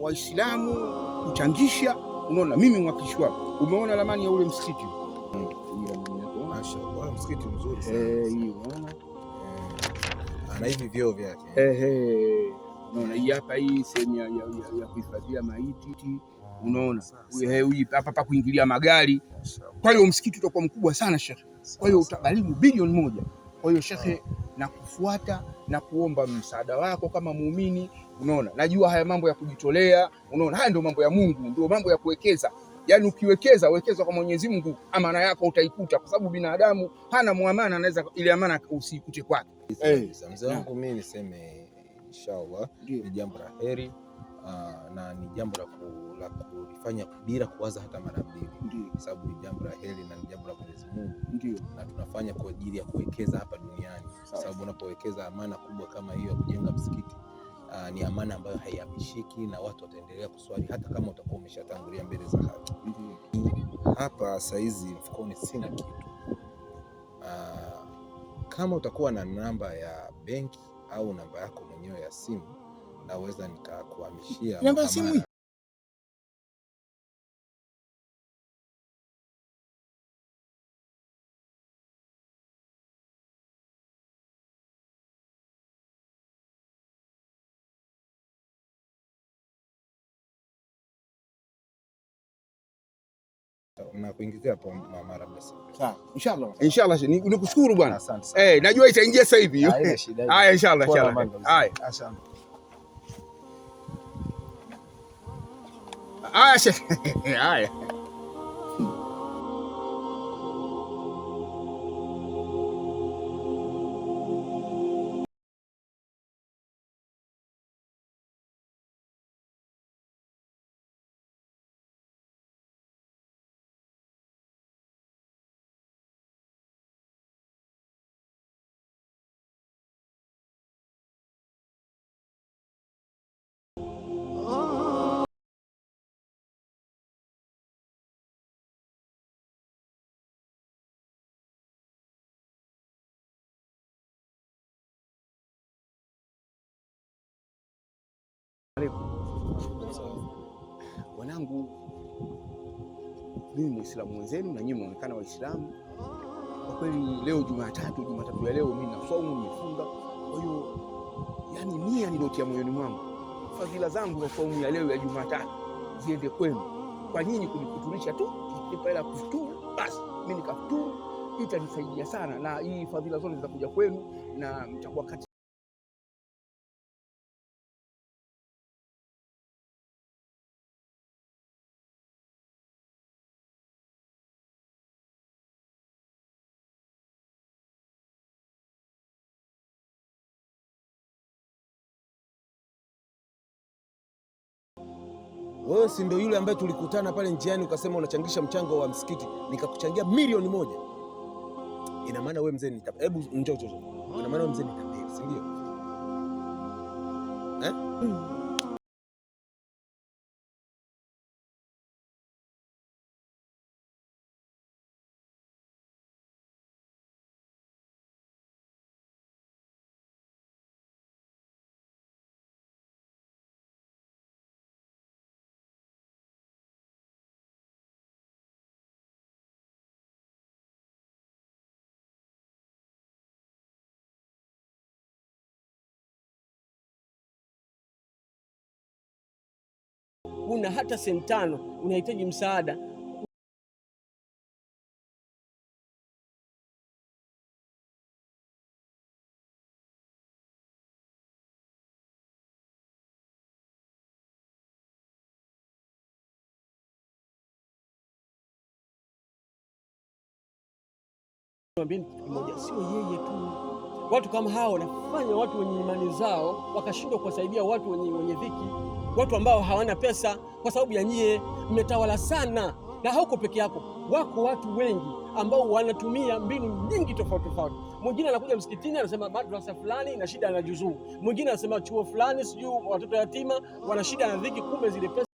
Waislamu kuchangisha, unaona mimi mwakilishi wako. Umeona ramani ya ule msikiti msikiti mzuri sana eh, eh, ana hivi vyoo vyake, eh, unaona hii hapa, hii sehemu ya kuhifadhia maiti, unaona hapa pa kuingilia magari. Kwa hiyo msikiti utakuwa mkubwa sana shekhe, kwa hiyo utagharimu bilioni moja. Kwa hiyo shekhe, na kufuata na kuomba msaada wako kama muumini, unaona, najua haya mambo ya kujitolea, unaona, haya ndio mambo ya Mungu, ndio mambo ya kuwekeza. Yaani ukiwekeza wekeza kwa Mwenyezi Mungu, amana yako utaikuta, kwa sababu binadamu hana muamana, anaweza ile amana usiikute kwake. mzee wangu, mimi niseme inshallah ni jambo la heri ah, na ni jambo la tunafanya bila kuwaza hata mara mbili, kwa sababu ni jambo la heri na ni jambo la Mwenyezi Mungu, na tunafanya kwa ajili ya kuwekeza hapa duniani, kwa sababu unapowekeza amana kubwa kama hiyo ya kujenga msikiti Aa, ah, ni amana ambayo haihamishiki na watu wataendelea kuswali hata kama utakuwa umeshatangulia mbele za haki. Hapa saizi mfukoni sina kitu. Aa, ah, kama utakuwa na namba ya benki au namba yako mwenyewe ya simu naweza nikakuhamishia namba ya simu Inshallah, inshallah, nikushukuru bwana. Eh, najua itaingia sasa hivi. Haya, inshallah, inshallah. Haya. Asante. Haya. mwanangu, mimi Muislamu mwenzenu na nyinyi mnaonekana Waislamu. Kwa kweli leo Jumatatu, Jumatatu ya leo mimi nafaumu nimefunga. Kwa hiyo yani nia nilotia moyoni mwangu, fadhila zangu za saumu ya leo ya Jumatatu ziende kwenu, kwa nyinyi kunikuturisha tu ipala kufuturu, basi mimi nikafuturu, itanisaidia sana, na hii fadhila zote zitakuja kwenu na mtakuwa kati wewe si ndio yule ambaye tulikutana pale njiani ukasema unachangisha mchango wa msikiti, nikakuchangia milioni moja? Ina maana wewe mzee, hebu njoo njoo, ina maana wewe mzee nitapeli, si ndio? Eh? huna hata senti tano, unahitaji msaada ambini sio yeye tu. Watu kama hao wanafanya watu wenye imani zao wakashindwa kuwasaidia watu wenye, wenye dhiki watu ambao hawana pesa kwa sababu ya nyie. Mmetawala sana, na hauko peke yako, wako watu wengi ambao wanatumia mbinu nyingi tofauti tofauti. Mwingine anakuja msikitini anasema madrasa fulani na shida na mwingine anasema chuo fulani, sijui watoto yatima wana shida na dhiki, kumbe zile pesa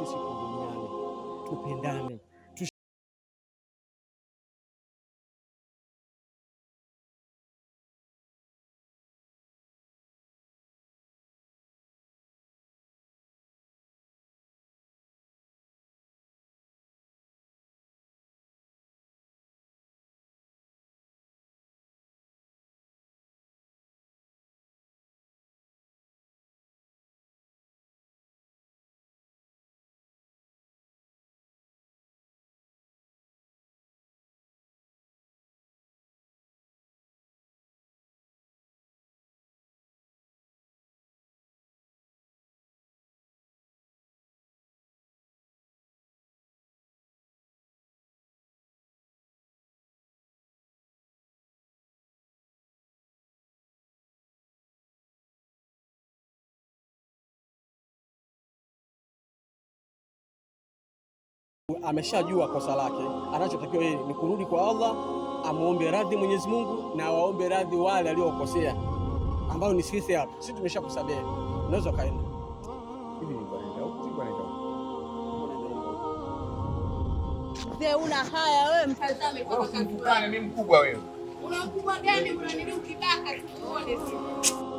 sisi tudumiane, tupendane. ameshajua kosa lake, anachotakiwa yeye ni kurudi kwa Allah, amuombe radhi Mwenyezi Mungu na waombe radhi wale aliokosea, ambao ni sisi hapa. Sisi tumeshakusamehe, unaweza kaenda una haya wewe, mtazame kwa mkubwa wewe, una ukubwa gani? Kuna nini ukitaka tuone sisi